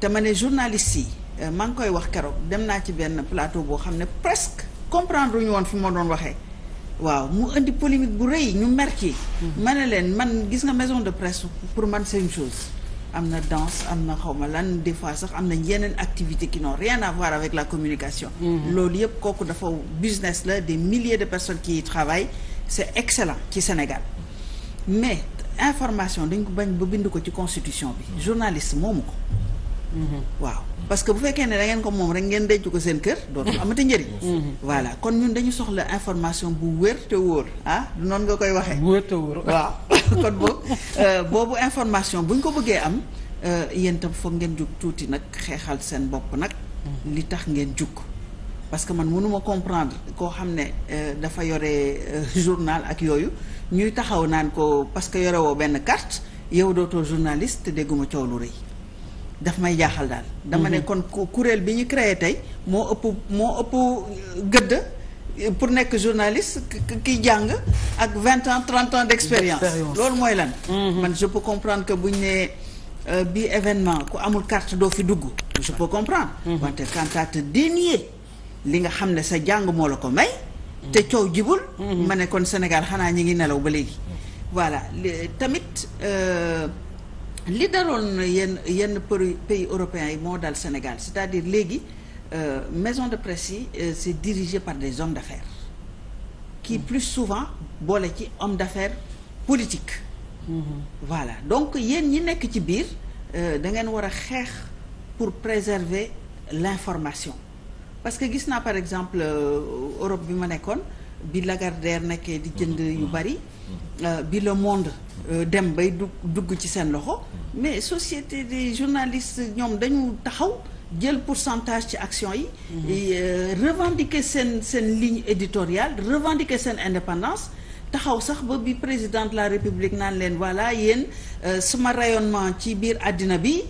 te ma ne journaliste yi euh, maa ngi koy wax keroog dem naa ci benn plateau boo xam ne presque comprendre ñu woon fi ma doon waxee waaw mu indi polémique bu rëy ñu merki mm-hmm. ma ne leen man gis nga maison de presse pour man c'est une chose am na danse am na xaw ma lan des fois sax am na yeneen activité ki n'ont rien à voir avec la communication mm-hmm. loolu yëpp kooku dafa business la de milliers de personnes qui y travaillent c'est excellent ci Sénégal mais information dañ ko bañ bind ko ci constitution bi mm-hmm. journaliste moomu ko waaw parce que bu fekkee ne da ko moom rek ngeen denc ko seen kër dootul amati njëriñ mm-hmm. Mm-hmm. voilà kon ñun dañu soxla information bu wér te wóor ah, du noonu nga koy waxee bu wér te wóor waaw kon boobu euh, boobu information buñ ko bëggee am euh, yéen tam foog ngeen jug tuuti nag xeexal seen bopp nag mm-hmm. li tax ngeen jug parce que man mënuma comprendre koo xam ne euh, dafa yore journal ak yooyu ñuy taxaw naan ko parce que yore woo benn carte yow dootoo journaliste te dégguma coow lu rëy daf may jaaxal daal. dama ne mhm. kon kuréel bi ñu créé tey moo ëpp moo ëpp gëdd pour nekk journaliste ki jàng ak vingt ans trente ans d' expérience. loolu mooy lan. Mhm. man je peux comprendre que bu ñu nee euh, bii événement ku amul carte doo fi dugg. je peux comprendre. Mhm. wante quand à li nga xam ne sa jàng moo la ko may. te coow jibul. ma ne kon Sénégal xanaa ñi ngi nelaw ba léegi. voilà tamit. Euh, li daloon yenn yenn pays européens yi moo dal Sénégal c'est-à-dire léegi euh, maison de presse yi euh, c'est par des hommes d'affaires qui mmh. plus souvent boole ci hommes d'affaires politiques mmh. voilà donc yéen ñi nekk ci biir euh, da ngeen war a xeex pour préserver l'information parce que gis naa par exemple euh, Europe bi ma nekkoon bi Lagardère nekkee di jënd yu bari euh, bi le monde euh, dem bay du dugg ci seen loxo mais société des journalistes ñoom dañu taxaw jël pour centage ci action yi mhm. euh, revendiquer seen seen ligne éditoriale revendiquer seen indépendance taxaw sax ba bi président de la république naan leen voilà yéen sama rayonnement ci biir àddina bi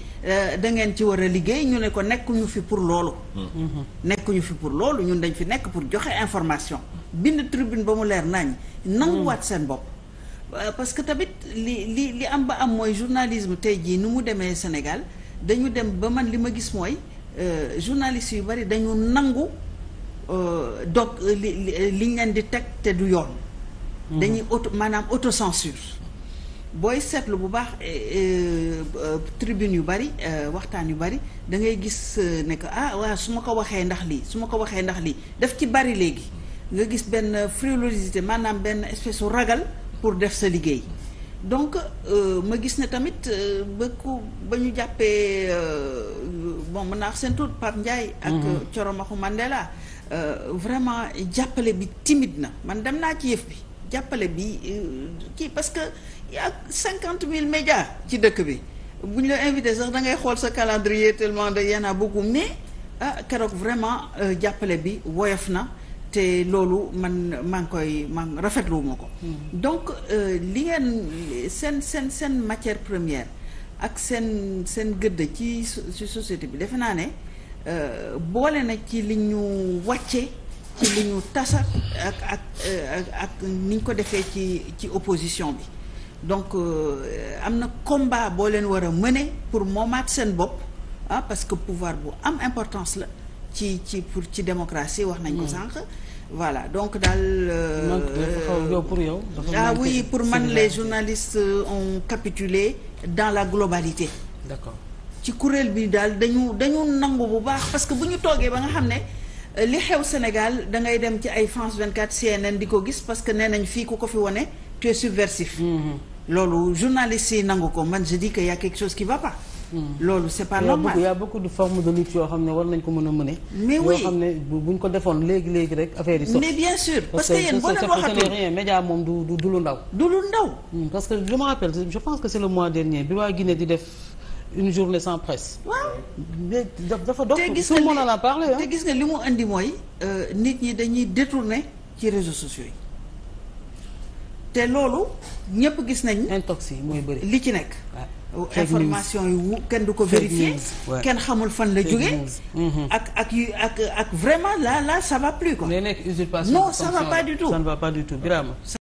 da ngeen ci war a liggéey ñu ne ko nekkuñu fi pour loolu mhm. nekkuñu fi pour loolu ñun dañ fi nekk pour joxe information bind tribune ba mu leer nañ nanguwaat seen bopp euh, parce que tamit li li li am ba am mooy journalisme tey jii ni mu demee Sénégal dañu dem ba man li ma gis mooy euh, journalistes yu bari dañu nangu euh, dog li li leen di teg te du yoon mhm. dañuy auto maanaam auto autocensure booy seetlu bu baax eh, tribune yu bari waxtaan yu bari da ngay gis ne que ah waa su ma ko waxee ndax lii su ma ko waxee ndax lii def ci bari léegi nga gis benn frilosité maanaam benn espèce u ragal pour def sa liggéey donc euh, ma gis ne tamit euh, ba ku ba ñu jàppee euh, bon mën naa wax seen tur Pape Ndiaye ak Coromaxu mhm. Mandela vraiment jàppale bi timide na man dem naa ci yëf bi jàppale bi kii parce que ak cinquante mille média ci dëkk bi bu ñu la invité sax da ngay xool sa calendrier tellement de y en a beaucoup mais ah keroog vraiment jàppale bi woyof na te loolu man man koy man rafetlu ma ko. Hmm. donc euh, li ngeen seen seen seen matière première ak seen seen gëdd ci ci société bi defe naa ne euh, boole na ci li ñu wàcce ci li ñu tasat ak ak ak ni ñu ko defee ci ci opposition bi donc euh, am na combat boo leen war a mëne pour moomaat seen bopp ah parce que pouvoir bu am importance la. ci ci pour ci démocratie wax nañ ko hmm. sànq. voilà donc daal. Euh, yow pour yow. ah oui pour man les journalistes euh, ont capitulé dans la globalité. d'accord ci kuréel bi daal dañu dañu nangu bu baax parce que bu ñu toogee ba nga xam ne euh, li xew Sénégal da dem ci ay France 24 CNN di ko gis parce que nee nañ fii ku ko fi wone tu subversif. Hmm. loolu journalistes yi nangu ko man je dis que y quelque chose qui va Hmm. loolu c'est pas normal il y a beaucoup de de lutte yoo xam ne war nañ ko mën a mëne. mais oui buñ ko defoon léegi léegi rek affaire yi soxla. mais bien sûr parce que yéen boo leen waxatul du lu ndaw. du lu ndaw. Hmm, parce que je me rappelle je pense que c'est le mois dernier bi waa Guinée di def une journée sans presse. waaw dafa dox tout le monde la a parlé. te gis nga li mu andi mooy euh, nit ñi dañuy détourner ci réseau sociaux yi. te loolu ñëpp gis nañ intox yi mooy li ci nekk ah, information yi wu kenn du ko vérifier kenn xamul fan la jógee mhm. ak ak yu ak ak vraiment là là ça va plus quoi. non ça va pas du tout